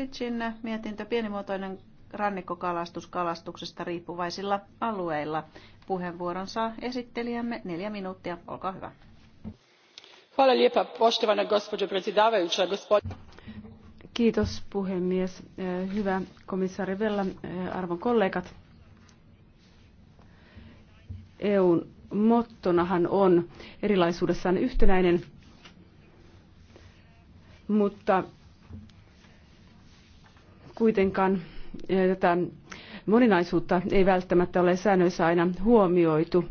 Stitchin mietintö pienimuotoinen rannikkokalastus kalastuksesta riippuvaisilla alueilla. Puheenvuoron saa esittelijämme neljä minuuttia. Olkaa hyvä. Kiitos puhemies. Eh, hyvä komissaari Vella, eh, arvon kollegat. EUn mottonahan on erilaisuudessaan yhtenäinen, mutta kuitenkaan tätä moninaisuutta ei välttämättä ole säännöissä aina huomioitu.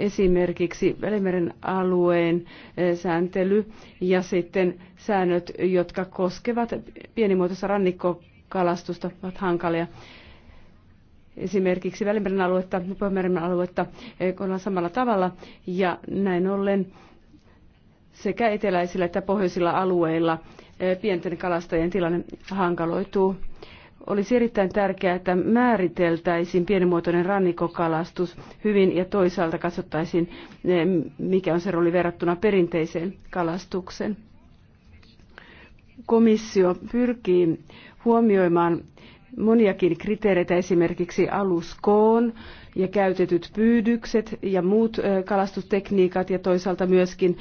Esimerkiksi Välimeren alueen e, sääntely ja sitten säännöt, jotka koskevat pienimuotoista rannikkokalastusta, ovat hankalia esimerkiksi Välimeren aluetta ja Pohjanmeren aluetta e, kohdellaan samalla tavalla. Ja näin ollen sekä eteläisillä että pohjoisilla alueilla pienten kalastajien tilanne hankaloituu. Olisi erittäin tärkeää, että määriteltäisiin pienimuotoinen rannikokalastus hyvin ja toisaalta katsottaisiin, mikä on se rooli verrattuna perinteiseen kalastukseen. Komissio pyrkii huomioimaan moniakin kriteereitä, esimerkiksi aluskoon ja käytetyt pyydykset ja muut kalastustekniikat ja toisaalta myöskin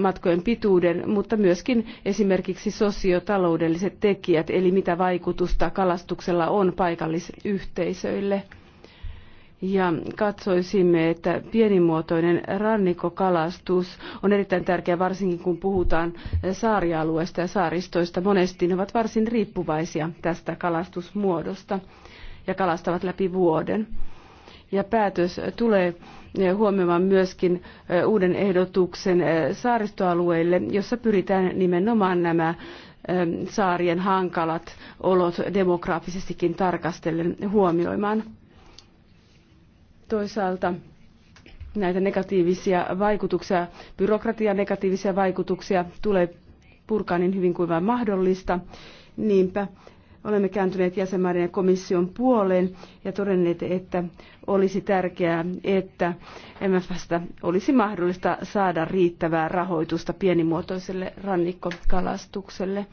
matkojen pituuden, mutta myöskin esimerkiksi sosiotaloudelliset tekijät, eli mitä vaikutusta kalastuksella on paikallisyhteisöille ja katsoisimme, että pienimuotoinen rannikkokalastus on erittäin tärkeä, varsinkin kun puhutaan saarialueista ja saaristoista. Monesti ne ovat varsin riippuvaisia tästä kalastusmuodosta ja kalastavat läpi vuoden. Ja päätös tulee huomioimaan myöskin uuden ehdotuksen saaristoalueille, jossa pyritään nimenomaan nämä saarien hankalat olot demograafisestikin tarkastellen huomioimaan. Toisaalta näitä negatiivisia vaikutuksia, byrokratian negatiivisia vaikutuksia tulee purkaa niin hyvin kuin vain mahdollista. Niinpä olemme kääntyneet jäsenmaiden ja komission puoleen ja todenneet, että olisi tärkeää, että MFstä olisi mahdollista saada riittävää rahoitusta pienimuotoiselle rannikkokalastukselle.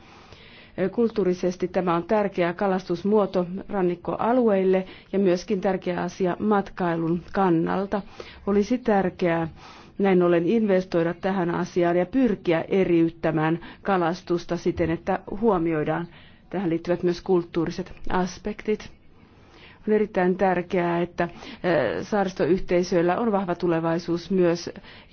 Kulttuurisesti tämä on tärkeä kalastusmuoto rannikkoalueille ja myöskin tärkeä asia matkailun kannalta. Olisi tärkeää näin ollen investoida tähän asiaan ja pyrkiä eriyttämään kalastusta siten, että huomioidaan tähän liittyvät myös kulttuuriset aspektit. On erittäin tärkeää, että saaristoyhteisöillä on vahva tulevaisuus myös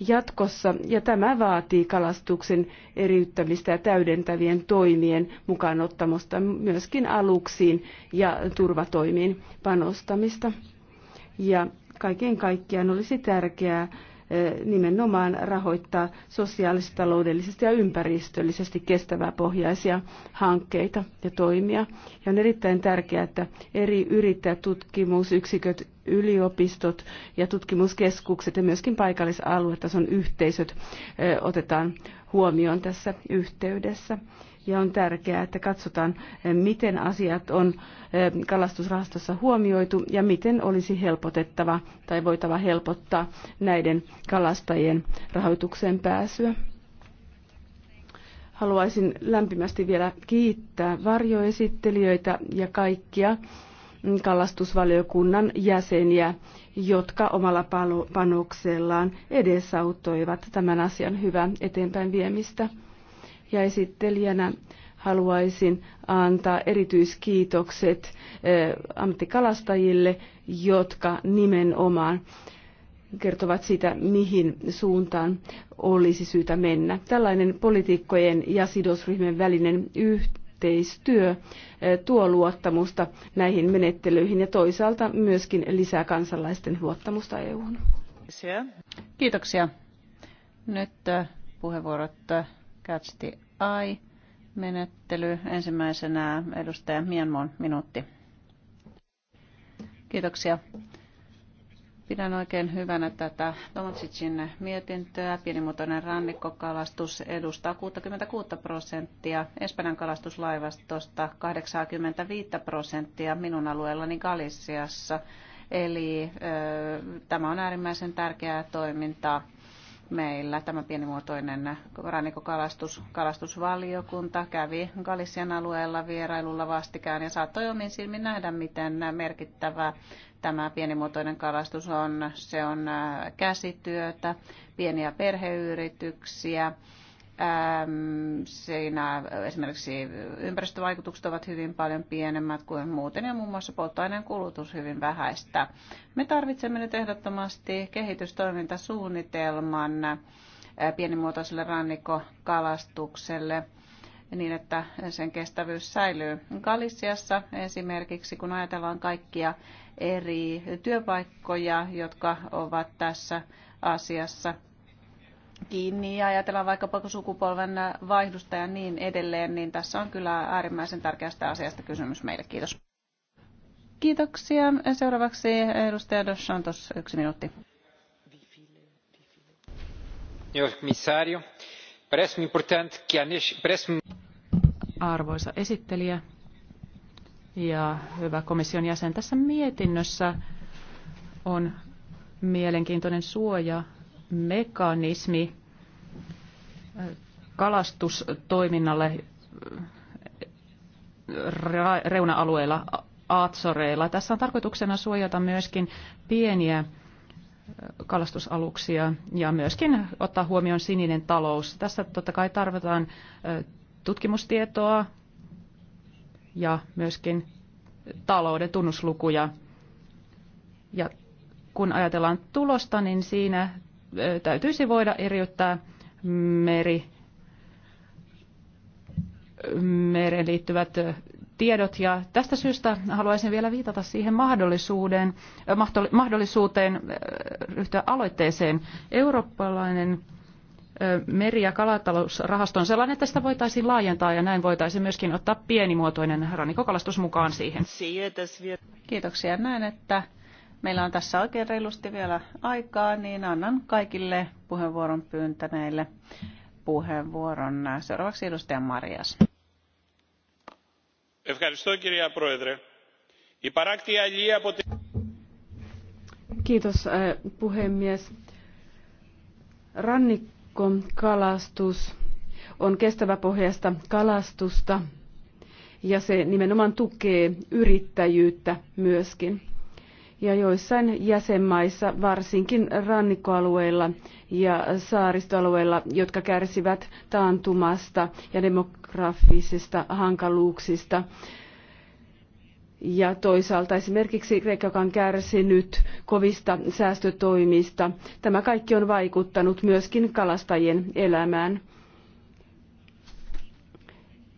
jatkossa, ja tämä vaatii kalastuksen eriyttämistä ja täydentävien toimien mukaan myöskin aluksiin ja turvatoimiin panostamista. Ja kaiken kaikkiaan olisi tärkeää nimenomaan rahoittaa sosiaalisesti, taloudellisesti ja ympäristöllisesti kestävää pohjaisia hankkeita ja toimia. Ja on erittäin tärkeää, että eri yrittäjätutkimusyksiköt yliopistot ja tutkimuskeskukset ja myöskin paikallisaluetason yhteisöt otetaan huomioon tässä yhteydessä. Ja on tärkeää, että katsotaan, miten asiat on kalastusrahastossa huomioitu ja miten olisi helpotettava tai voitava helpottaa näiden kalastajien rahoitukseen pääsyä. Haluaisin lämpimästi vielä kiittää varjoesittelijöitä ja kaikkia kalastusvaliokunnan jäseniä, jotka omalla panoksellaan edesauttoivat tämän asian hyvää eteenpäin viemistä. Ja esittelijänä haluaisin antaa erityiskiitokset eh, ammattikalastajille, jotka nimenomaan kertovat sitä, mihin suuntaan olisi syytä mennä. Tällainen poliitikkojen ja sidosryhmien välinen yhteistyö yhteistyö eh, tuo luottamusta näihin menettelyihin ja toisaalta myöskin lisää kansalaisten luottamusta EU:hun. Kiitoksia. Nyt eh, puheenvuorot eh, Catch the Eye. Menettely. Ensimmäisenä edustaja Mianmon minuutti. Kiitoksia. Pidän oikein hyvänä tätä Tomatsitsin mietintöä. Pienimuotoinen rannikkokalastus edustaa 66 prosenttia, Espanjan kalastuslaivastosta 85 prosenttia minun alueellani Galissiassa. Eli ö, tämä on äärimmäisen tärkeää toimintaa meillä tämä pienimuotoinen rannikokalastus, kalastusvaliokunta kävi Galician alueella vierailulla vastikään ja saattoi omin silmin nähdä, miten merkittävä tämä pienimuotoinen kalastus on. Se on käsityötä, pieniä perheyrityksiä, Siinä esimerkiksi ympäristövaikutukset ovat hyvin paljon pienemmät kuin muuten ja muun muassa polttoaineen kulutus hyvin vähäistä. Me tarvitsemme nyt ehdottomasti kehitystoimintasuunnitelman pienimuotoiselle rannikkokalastukselle niin, että sen kestävyys säilyy. Galisiassa esimerkiksi, kun ajatellaan kaikkia eri työpaikkoja, jotka ovat tässä asiassa kiinni ja ajatellaan vaikkapa sukupolven vaihdusta ja niin edelleen, niin tässä on kyllä äärimmäisen tärkeästä asiasta kysymys meille. Kiitos. Kiitoksia. Seuraavaksi edustaja Dos Santos, yksi minuutti. Arvoisa esittelijä ja hyvä komission jäsen, tässä mietinnössä on mielenkiintoinen suoja mekanismi kalastustoiminnalle reuna-alueilla, Aatsoreilla. Tässä on tarkoituksena suojata myöskin pieniä kalastusaluksia ja myöskin ottaa huomioon sininen talous. Tässä totta kai tarvitaan tutkimustietoa ja myöskin talouden tunnuslukuja. Ja kun ajatellaan tulosta, niin siinä täytyisi voida eriyttää meri, mereen liittyvät tiedot. Ja tästä syystä haluaisin vielä viitata siihen mahdollisuuteen, mahdollisuuteen ryhtyä aloitteeseen. Eurooppalainen meri- ja kalatalousrahasto on sellainen, että sitä voitaisiin laajentaa ja näin voitaisiin myöskin ottaa pienimuotoinen rannikokalastus mukaan siihen. Kiitoksia. Näen, että meillä on tässä oikein reilusti vielä aikaa, niin annan kaikille puheenvuoron pyyntäneille puheenvuoron. Seuraavaksi edustaja Marias. Kiitos puhemies. Rannikkokalastus on kestävä pohjasta kalastusta ja se nimenomaan tukee yrittäjyyttä myöskin ja joissain jäsenmaissa, varsinkin rannikkoalueilla ja saaristoalueilla, jotka kärsivät taantumasta ja demografisista hankaluuksista. Ja toisaalta esimerkiksi Kreikka, joka on kärsinyt kovista säästötoimista, tämä kaikki on vaikuttanut myöskin kalastajien elämään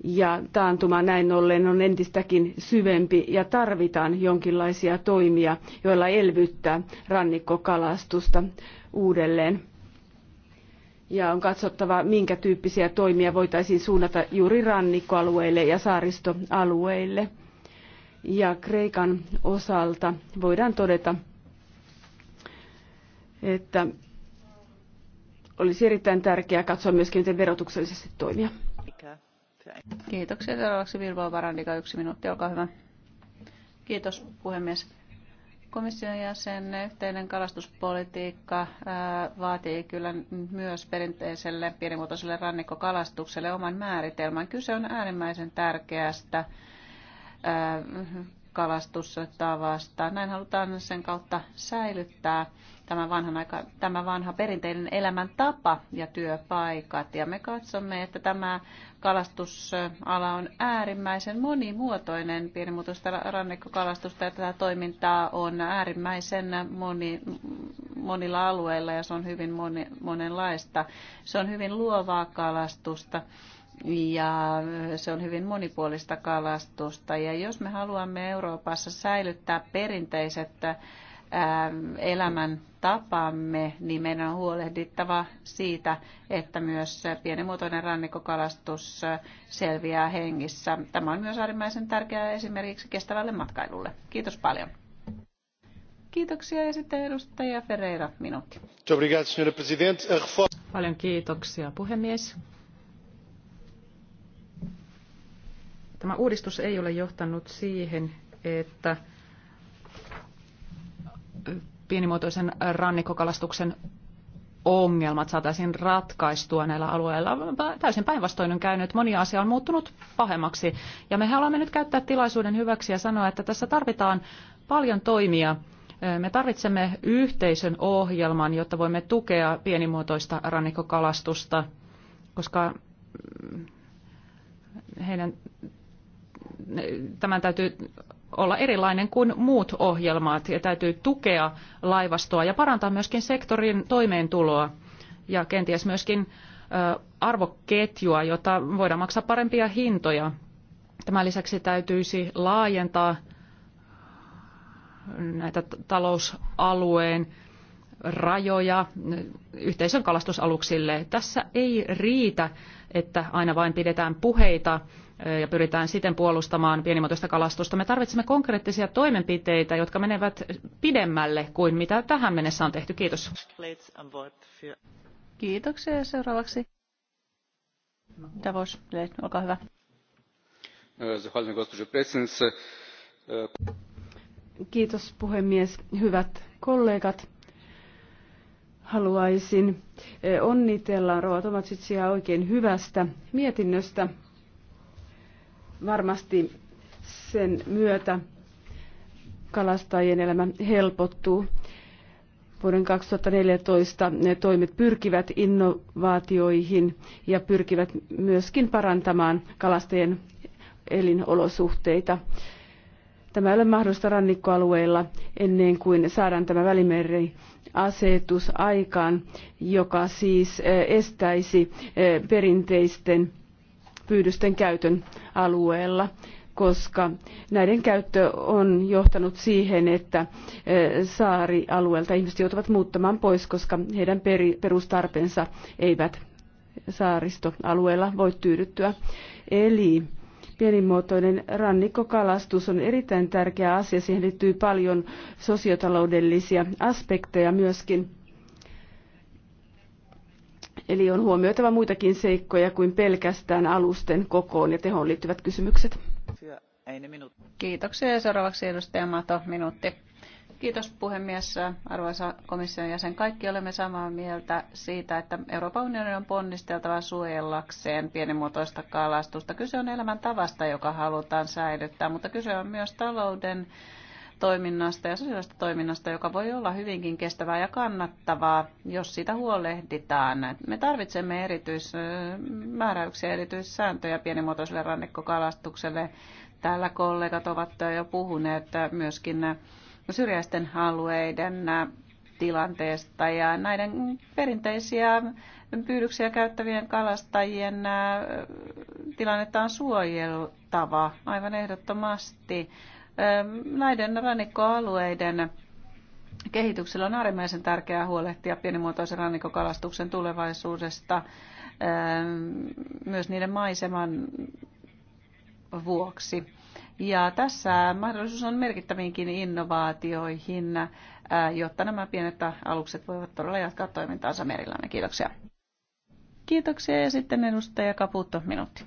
ja taantuma näin ollen on entistäkin syvempi ja tarvitaan jonkinlaisia toimia, joilla elvyttää rannikkokalastusta uudelleen. Ja on katsottava, minkä tyyppisiä toimia voitaisiin suunnata juuri rannikkoalueille ja saaristoalueille. Ja Kreikan osalta voidaan todeta, että olisi erittäin tärkeää katsoa myöskin, miten verotuksellisesti toimia. Kiitoksia. Seuraavaksi Vilvo Varandika, yksi minuutti, olkaa hyvä. Kiitos puhemies. Komission jäsen yhteinen kalastuspolitiikka vaatii kyllä myös perinteiselle pienimuotoiselle rannikkokalastukselle oman määritelmän. Kyse on äärimmäisen tärkeästä kalastustavasta. Näin halutaan sen kautta säilyttää tämä, vanhan aika, tämä vanha perinteinen elämäntapa ja työpaikat. Ja me katsomme, että tämä kalastusala on äärimmäisen monimuotoinen. Pienimuotoista rannikkokalastusta ja tätä toimintaa on äärimmäisen moni, monilla alueilla ja se on hyvin moni, monenlaista. Se on hyvin luovaa kalastusta ja se on hyvin monipuolista kalastusta. Ja jos me haluamme Euroopassa säilyttää perinteiset elämäntapamme, niin meidän on huolehdittava siitä, että myös pienimuotoinen rannikkokalastus selviää hengissä. Tämä on myös äärimmäisen tärkeää esimerkiksi kestävälle matkailulle. Kiitos paljon. Kiitoksia ja sitten edustaja Ferreira minuutti. Paljon kiitoksia puhemies. Tämä uudistus ei ole johtanut siihen, että pienimuotoisen rannikkokalastuksen ongelmat saataisiin ratkaistua näillä alueilla. Täysin päinvastoin on käynyt. Moni asia on muuttunut pahemmaksi. Ja me haluamme nyt käyttää tilaisuuden hyväksi ja sanoa, että tässä tarvitaan paljon toimia. Me tarvitsemme yhteisön ohjelman, jotta voimme tukea pienimuotoista rannikkokalastusta, koska heidän tämän täytyy olla erilainen kuin muut ohjelmat ja täytyy tukea laivastoa ja parantaa myöskin sektorin toimeentuloa ja kenties myöskin arvoketjua, jota voidaan maksaa parempia hintoja. Tämän lisäksi täytyisi laajentaa näitä talousalueen rajoja yhteisön kalastusaluksille. Tässä ei riitä, että aina vain pidetään puheita ja pyritään siten puolustamaan pienimuotoista kalastusta. Me tarvitsemme konkreettisia toimenpiteitä, jotka menevät pidemmälle kuin mitä tähän mennessä on tehty. Kiitos. Kiitoksia. Seuraavaksi Davos, olkaa hyvä. Kiitos puhemies. Hyvät kollegat, haluaisin eh, onnitella Rova Tomatsitsia oikein hyvästä mietinnöstä. Varmasti sen myötä kalastajien elämä helpottuu. Vuoden 2014 ne toimet pyrkivät innovaatioihin ja pyrkivät myöskin parantamaan kalastajien elinolosuhteita. Tämä ei ole mahdollista rannikkoalueilla ennen kuin saadaan tämä välimeri asetus aikaan, joka siis eh, estäisi eh, perinteisten pyydysten käytön alueella koska näiden käyttö on johtanut siihen, että eh, saarialueelta ihmiset joutuvat muuttamaan pois, koska heidän perustarpeensa eivät saaristoalueella voi tyydyttyä. Eli pienimuotoinen rannikkokalastus on erittäin tärkeä asia. Siihen liittyy paljon sosiotaloudellisia aspekteja myöskin Eli on huomioitava muitakin seikkoja kuin pelkästään alusten kokoon ja tehoon liittyvät kysymykset. Kiitoksia ja seuraavaksi edustaja Mato, minuutti. Kiitos puhemies, arvoisa komission jäsen. Kaikki olemme samaa mieltä siitä, että Euroopan unionin on ponnisteltava suojellakseen pienimuotoista kalastusta. Kyse on elämäntavasta, joka halutaan säilyttää, mutta kyse on myös talouden toiminnasta ja sosiaalista toiminnasta, joka voi olla hyvinkin kestävää ja kannattavaa, jos sitä huolehditaan. Me tarvitsemme erityismääräyksiä, erityissääntöjä pienimuotoiselle rannikkokalastukselle. Täällä kollegat ovat jo puhuneet myöskin syrjäisten alueiden tilanteesta ja näiden perinteisiä pyydyksiä käyttävien kalastajien tilannetta on suojeltava aivan ehdottomasti. Näiden rannikkoalueiden kehityksellä on äärimmäisen tärkeää huolehtia pienimuotoisen rannikkokalastuksen tulevaisuudesta myös niiden maiseman vuoksi. Ja tässä mahdollisuus on merkittäviinkin innovaatioihin, jotta nämä pienet alukset voivat todella jatkaa toimintaansa merillämme. Kiitoksia. Kiitoksia ja sitten edustaja Caputo, minuutti.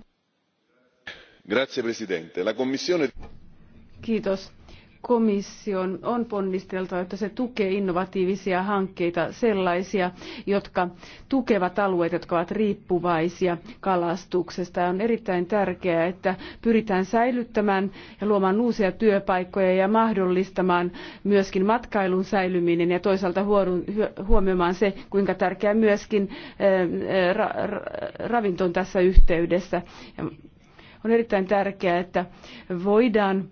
Grazie Presidente. La Commissione... Kiitos. Komission on ponnisteltava, että se tukee innovatiivisia hankkeita, sellaisia, jotka tukevat alueita, jotka ovat riippuvaisia kalastuksesta. Ja on erittäin tärkeää, että pyritään säilyttämään ja luomaan uusia työpaikkoja ja mahdollistamaan myöskin matkailun säilyminen ja toisaalta huomioimaan se, kuinka tärkeää myöskin ähm, äh, ra- ra- ravinto on tässä yhteydessä. On erittäin tärkeää, että voidaan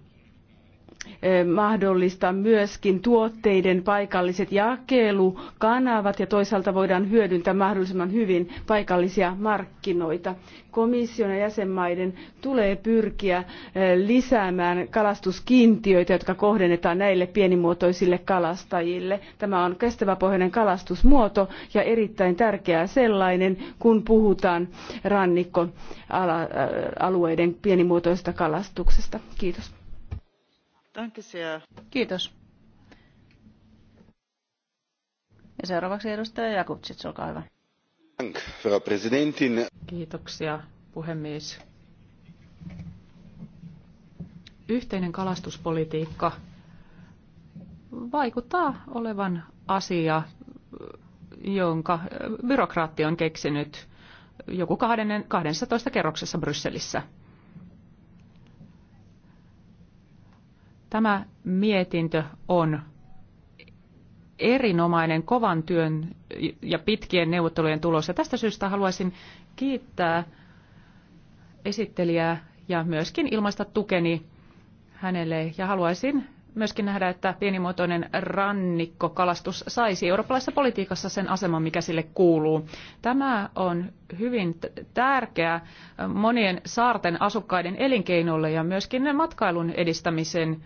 mahdollista myöskin tuotteiden paikalliset jakelukanavat ja toisaalta voidaan hyödyntää mahdollisimman hyvin paikallisia markkinoita. Komission ja jäsenmaiden tulee pyrkiä lisäämään kalastuskiintiöitä, jotka kohdennetaan näille pienimuotoisille kalastajille. Tämä on kestävä kalastusmuoto ja erittäin tärkeä sellainen, kun puhutaan rannikkoalueiden pienimuotoisesta kalastuksesta. Kiitos. Kiitos. Ja seuraavaksi edustaja Jakutsic, olkaa hyvä. Kiitoksia, puhemies. Yhteinen kalastuspolitiikka vaikuttaa olevan asia, jonka byrokraatti on keksinyt joku 12 kerroksessa Brysselissä. Tämä mietintö on erinomainen kovan työn ja pitkien neuvottelujen tulos. Ja tästä syystä haluaisin kiittää esittelijää ja myöskin ilmaista tukeni hänelle. Ja haluaisin myöskin nähdä, että pienimuotoinen rannikkokalastus saisi eurooppalaisessa politiikassa sen aseman, mikä sille kuuluu. Tämä on hyvin tärkeä monien saarten asukkaiden elinkeinolle ja myöskin matkailun edistämisen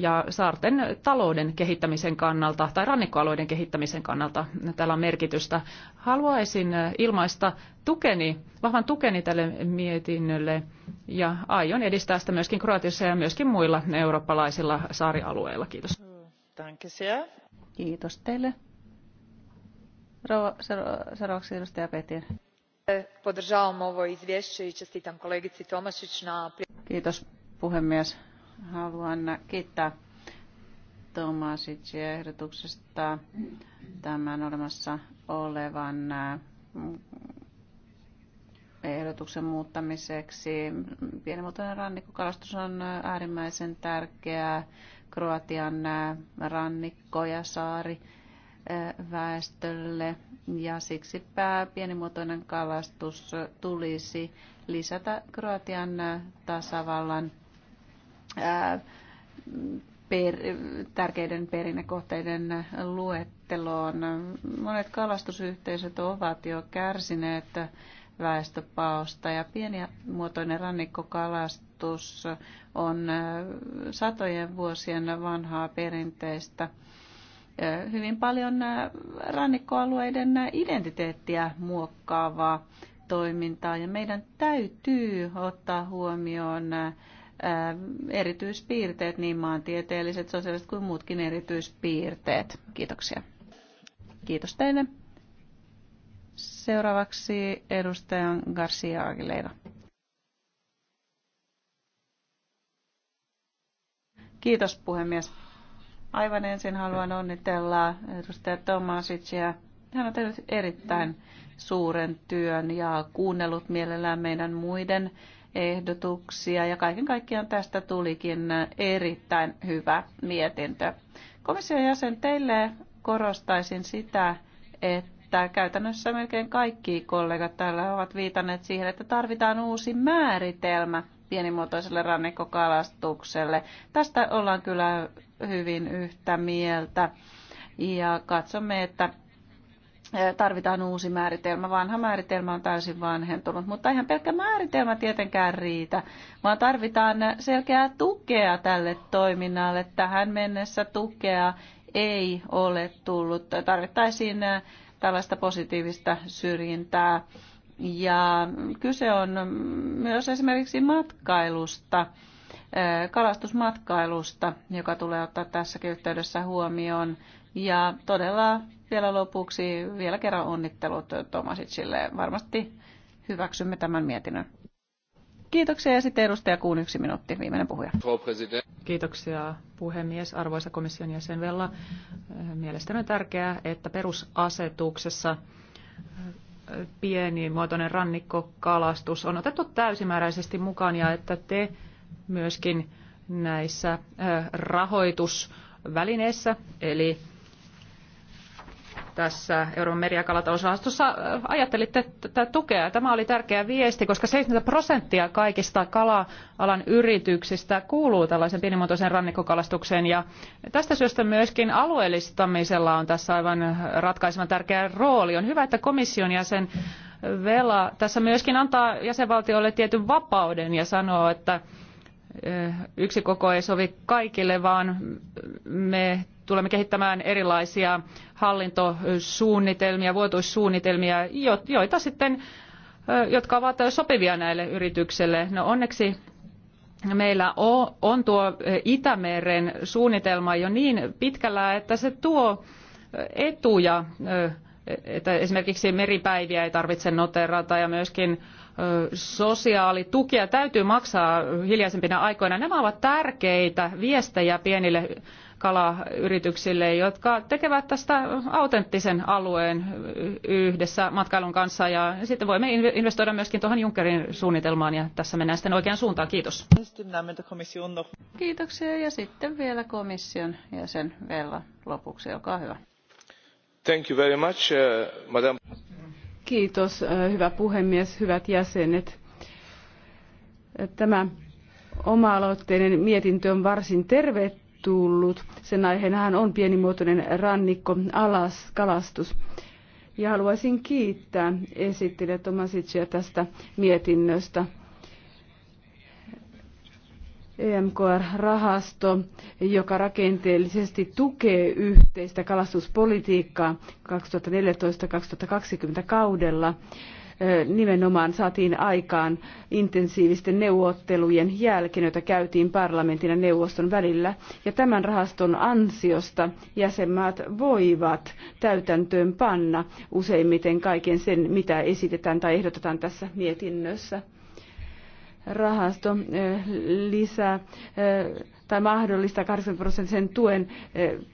ja saarten talouden kehittämisen kannalta tai rannikkoalueiden kehittämisen kannalta tällä on merkitystä. Haluaisin ilmaista tukeni, vahvan tukeni tälle mietinnölle ja aion edistää sitä myöskin Kroatiassa ja myöskin muilla eurooppalaisilla saarialueilla. Kiitos. Kiitos teille. Seuraavaksi edustaja Petir. Kiitos puhemies Haluan kiittää Tomasicia ehdotuksesta tämän olemassa olevan äh, ehdotuksen muuttamiseksi. Pienimuotoinen rannikkokalastus on äärimmäisen tärkeää. Kroatian äh, rannikko ja saari äh, väestölle ja pää pienimuotoinen kalastus tulisi lisätä Kroatian tasavallan per, tärkeiden perinnekohteiden luetteloon. Monet kalastusyhteisöt ovat jo kärsineet väestöpaosta ja pienimuotoinen rannikkokalastus on satojen vuosien vanhaa perinteistä. Hyvin paljon rannikkoalueiden identiteettiä muokkaavaa toimintaa ja meidän täytyy ottaa huomioon erityispiirteet, niin maantieteelliset, sosiaaliset kuin muutkin erityispiirteet. Kiitoksia. Kiitos teille. Seuraavaksi edustaja Garcia Aguilera. Kiitos puhemies. Aivan ensin haluan onnitella edustaja Tomasicia. Hän on tehnyt erittäin suuren työn ja kuunnellut mielellään meidän muiden ehdotuksia ja kaiken kaikkiaan tästä tulikin erittäin hyvä mietintö. Komission jäsen, teille korostaisin sitä, että käytännössä melkein kaikki kollegat täällä ovat viitanneet siihen, että tarvitaan uusi määritelmä pienimuotoiselle rannikkokalastukselle. Tästä ollaan kyllä hyvin yhtä mieltä ja katsomme, että tarvitaan uusi määritelmä. Vanha määritelmä on täysin vanhentunut, mutta ihan pelkkä määritelmä tietenkään riitä, vaan tarvitaan selkeää tukea tälle toiminnalle. Tähän mennessä tukea ei ole tullut. Tarvittaisiin tällaista positiivista syrjintää. Ja kyse on myös esimerkiksi matkailusta, kalastusmatkailusta, joka tulee ottaa tässäkin yhteydessä huomioon. Ja todella vielä lopuksi vielä kerran onnittelut Tomasicille. Varmasti hyväksymme tämän mietinnön. Kiitoksia ja sitten edustaja Kuun yksi minuutti, viimeinen puhuja. Kiitoksia puhemies, arvoisa komission jäsen Vella. Mielestäni on tärkeää, että perusasetuksessa pienimuotoinen rannikkokalastus on otettu täysimääräisesti mukaan ja että te myöskin näissä eh, rahoitusvälineissä, eli tässä Euroopan meri- ja kalatalousrahastossa ajattelitte tätä tukea. Tämä oli tärkeä viesti, koska 70 prosenttia kaikista kala-alan yrityksistä kuuluu tällaisen pienimuotoisen rannikkokalastukseen. Ja tästä syystä myöskin alueellistamisella on tässä aivan ratkaisevan tärkeä rooli. On hyvä, että komission jäsen Vela tässä myöskin antaa jäsenvaltioille tietyn vapauden ja sanoo, että yksi koko ei sovi kaikille, vaan me tulemme kehittämään erilaisia hallintosuunnitelmia, vuotuissuunnitelmia, joita sitten, jotka ovat sopivia näille yrityksille. No onneksi meillä on tuo Itämeren suunnitelma jo niin pitkällä, että se tuo etuja, että esimerkiksi meripäiviä ei tarvitse noterata ja myöskin sosiaalitukia täytyy maksaa hiljaisempina aikoina. Nämä ovat tärkeitä viestejä pienille kalayrityksille, jotka tekevät tästä autenttisen alueen yhdessä matkailun kanssa. Ja sitten voimme investoida myöskin tuohon Junckerin suunnitelmaan ja tässä mennään sitten oikeaan suuntaan. Kiitos. Kiitoksia ja sitten vielä komission jäsen Vella lopuksi. Olkaa hyvä. Thank you very much, uh, madam. Kiitos, hyvä puhemies, hyvät jäsenet. Tämä oma-aloitteinen mietintö on varsin tervetullut. Sen aiheenahan on pienimuotoinen rannikko alas kalastus. Ja haluaisin kiittää esittelijä Tomasicia tästä mietinnöstä. EMKR-rahasto, joka rakenteellisesti tukee yhteistä kalastuspolitiikkaa 2014-2020 kaudella, nimenomaan saatiin aikaan intensiivisten neuvottelujen jälkeen, joita käytiin parlamentin ja neuvoston välillä. Ja tämän rahaston ansiosta jäsenmaat voivat täytäntöön panna useimmiten kaiken sen, mitä esitetään tai ehdotetaan tässä mietinnössä rahasto lisää tai mahdollista 80 prosenttisen tuen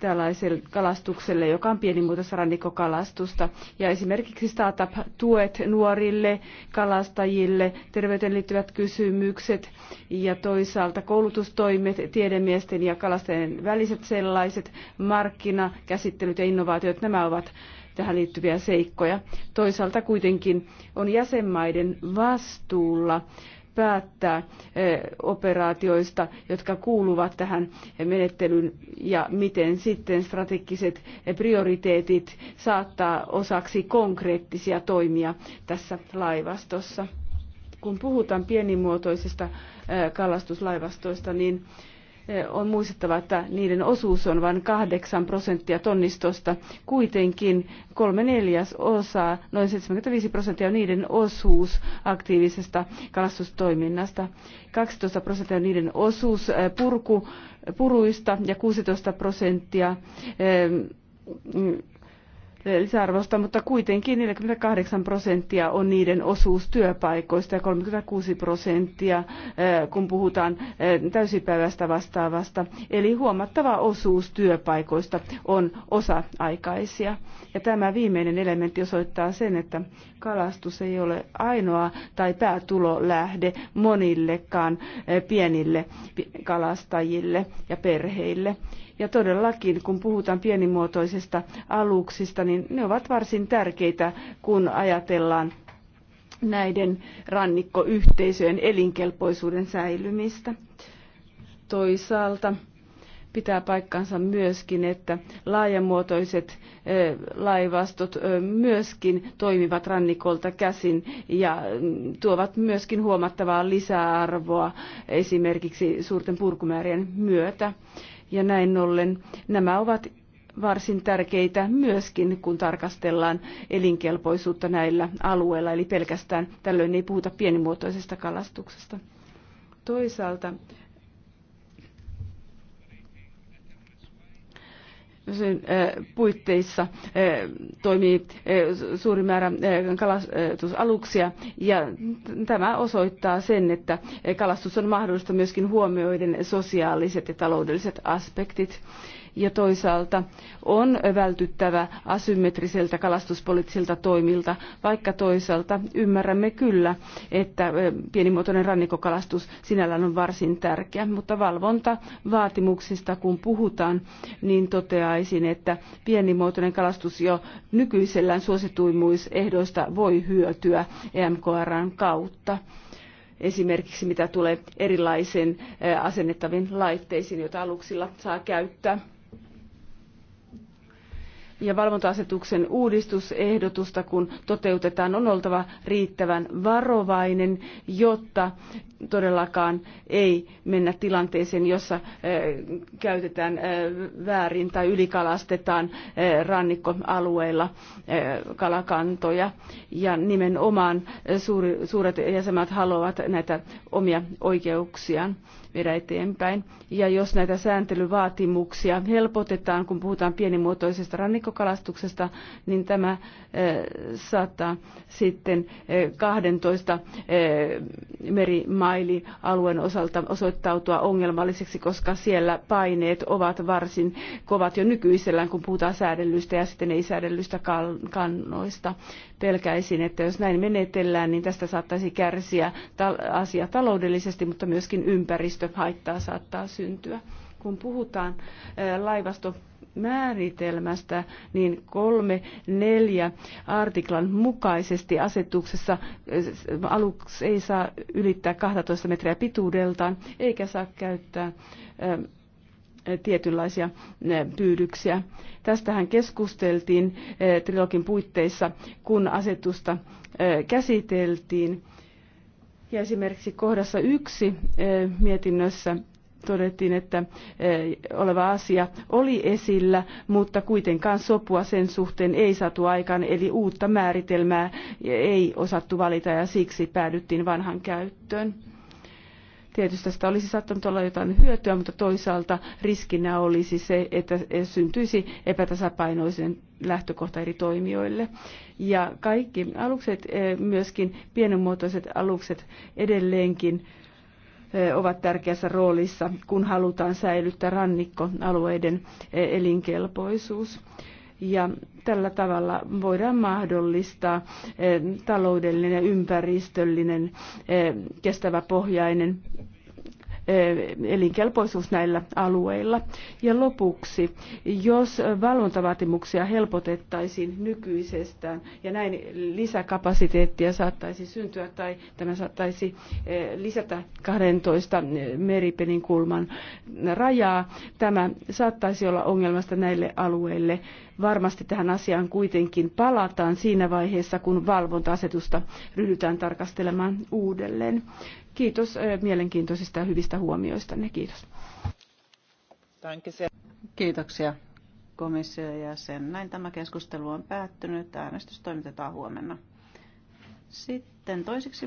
tällaiselle kalastukselle, joka on pienimuotoista rannikkokalastusta. Ja esimerkiksi startup-tuet nuorille kalastajille, terveyteen liittyvät kysymykset ja toisaalta koulutustoimet, tiedemiesten ja kalastajien väliset sellaiset, markkinakäsittelyt ja innovaatiot, nämä ovat tähän liittyviä seikkoja. Toisaalta kuitenkin on jäsenmaiden vastuulla päättää eh, operaatioista, jotka kuuluvat tähän menettelyyn ja miten sitten strategiset prioriteetit saattaa osaksi konkreettisia toimia tässä laivastossa. Kun puhutaan pienimuotoisista eh, kalastuslaivastoista, niin on muistettava, että niiden osuus on vain 8 prosenttia tonnistosta. Kuitenkin kolme neljäs osaa, noin 75 prosenttia on niiden osuus aktiivisesta kalastustoiminnasta. 12 prosenttia on niiden osuus purku, puruista ja 16 prosenttia lisäarvosta, mutta kuitenkin 48 prosenttia on niiden osuus työpaikoista ja 36 prosenttia, eh, kun puhutaan eh, täysipäivästä vastaavasta. Eli huomattava osuus työpaikoista on osa-aikaisia. Ja tämä viimeinen elementti osoittaa sen, että kalastus ei ole ainoa tai päätulolähde monillekaan eh, pienille kalastajille ja perheille. Ja todellakin, kun puhutaan pienimuotoisista aluksista, niin ne ovat varsin tärkeitä, kun ajatellaan näiden rannikkoyhteisöjen elinkelpoisuuden säilymistä. Toisaalta pitää paikkansa myöskin, että laajamuotoiset laivastot myöskin toimivat rannikolta käsin ja mm, tuovat myöskin huomattavaa lisäarvoa esimerkiksi suurten purkumäärien myötä. Ja näin ollen nämä ovat varsin tärkeitä myöskin, kun tarkastellaan elinkelpoisuutta näillä alueilla, eli pelkästään tällöin ei puhuta pienimuotoisesta kalastuksesta. Toisaalta sen puitteissa toimii suuri määrä kalastusaluksia ja tämä osoittaa sen, että kalastus on mahdollista myöskin huomioiden sosiaaliset ja taloudelliset aspektit ja toisaalta on vältyttävä asymmetriseltä kalastuspoliittisilta toimilta, vaikka toisaalta ymmärrämme kyllä, että pienimuotoinen rannikkokalastus sinällään on varsin tärkeä, mutta valvontavaatimuksista kun puhutaan, niin toteaisin, että pienimuotoinen kalastus jo nykyisellään suosituimuisehdoista voi hyötyä EMKRn kautta esimerkiksi mitä tulee erilaisiin asennettaviin laitteisiin, joita aluksilla saa käyttää ja valvontaasetuksen uudistusehdotusta kun toteutetaan on oltava riittävän varovainen jotta todellakaan ei mennä tilanteeseen, jossa käytetään väärin tai ylikalastetaan rannikkoalueilla kalakantoja. Ja nimenomaan suuret jäsenmaat haluavat näitä omia oikeuksiaan viedä eteenpäin. Ja jos näitä sääntelyvaatimuksia helpotetaan, kun puhutaan pienimuotoisesta rannikkokalastuksesta, niin tämä saattaa sitten 12 merimaa maili alueen osalta osoittautua ongelmalliseksi, koska siellä paineet ovat varsin kovat jo nykyisellään, kun puhutaan säädellyistä ja sitten ei säädellyistä kannoista. Pelkäisin, että jos näin menetellään, niin tästä saattaisi kärsiä asia taloudellisesti, mutta myöskin ympäristöhaittaa saattaa syntyä kun puhutaan laivasto määritelmästä, niin kolme neljä artiklan mukaisesti asetuksessa äh, aluksi ei saa ylittää 12 metriä pituudeltaan, eikä saa käyttää ähm, tietynlaisia äh, pyydyksiä. Tästähän keskusteltiin äh, trilogin puitteissa, kun asetusta käsiteltiin. Ja esimerkiksi kohdassa yksi mietinnössä todettiin, että eh, oleva asia oli esillä, mutta kuitenkaan sopua sen suhteen ei saatu aikaan, eli uutta määritelmää ei osattu valita ja siksi päädyttiin vanhan käyttöön. Tietysti tästä olisi saattanut olla jotain hyötyä, mutta toisaalta riskinä olisi se, että syntyisi epätasapainoisen lähtökohta eri toimijoille. Ja kaikki alukset, eh, myöskin pienenmuotoiset alukset edelleenkin ovat tärkeässä roolissa, kun halutaan säilyttää rannikkoalueiden elinkelpoisuus. Ja tällä tavalla voidaan mahdollistaa taloudellinen ja ympäristöllinen kestäväpohjainen Eh, elinkelpoisuus näillä alueilla. Ja lopuksi, jos valvontavaatimuksia helpotettaisiin nykyisestään ja näin lisäkapasiteettia saattaisi syntyä tai tämä saattaisi eh, lisätä 12 eh, meripenin kulman rajaa, tämä saattaisi olla ongelmasta näille alueille. Varmasti tähän asiaan kuitenkin palataan siinä vaiheessa, kun valvonta-asetusta ryhdytään tarkastelemaan uudelleen. Kiitos mielenkiintoisista ja hyvistä huomioista Kiitos. Kiitoksia komission jäsen. Näin tämä keskustelu on päättynyt. Äänestys toimitetaan huomenna. Sitten toiseksi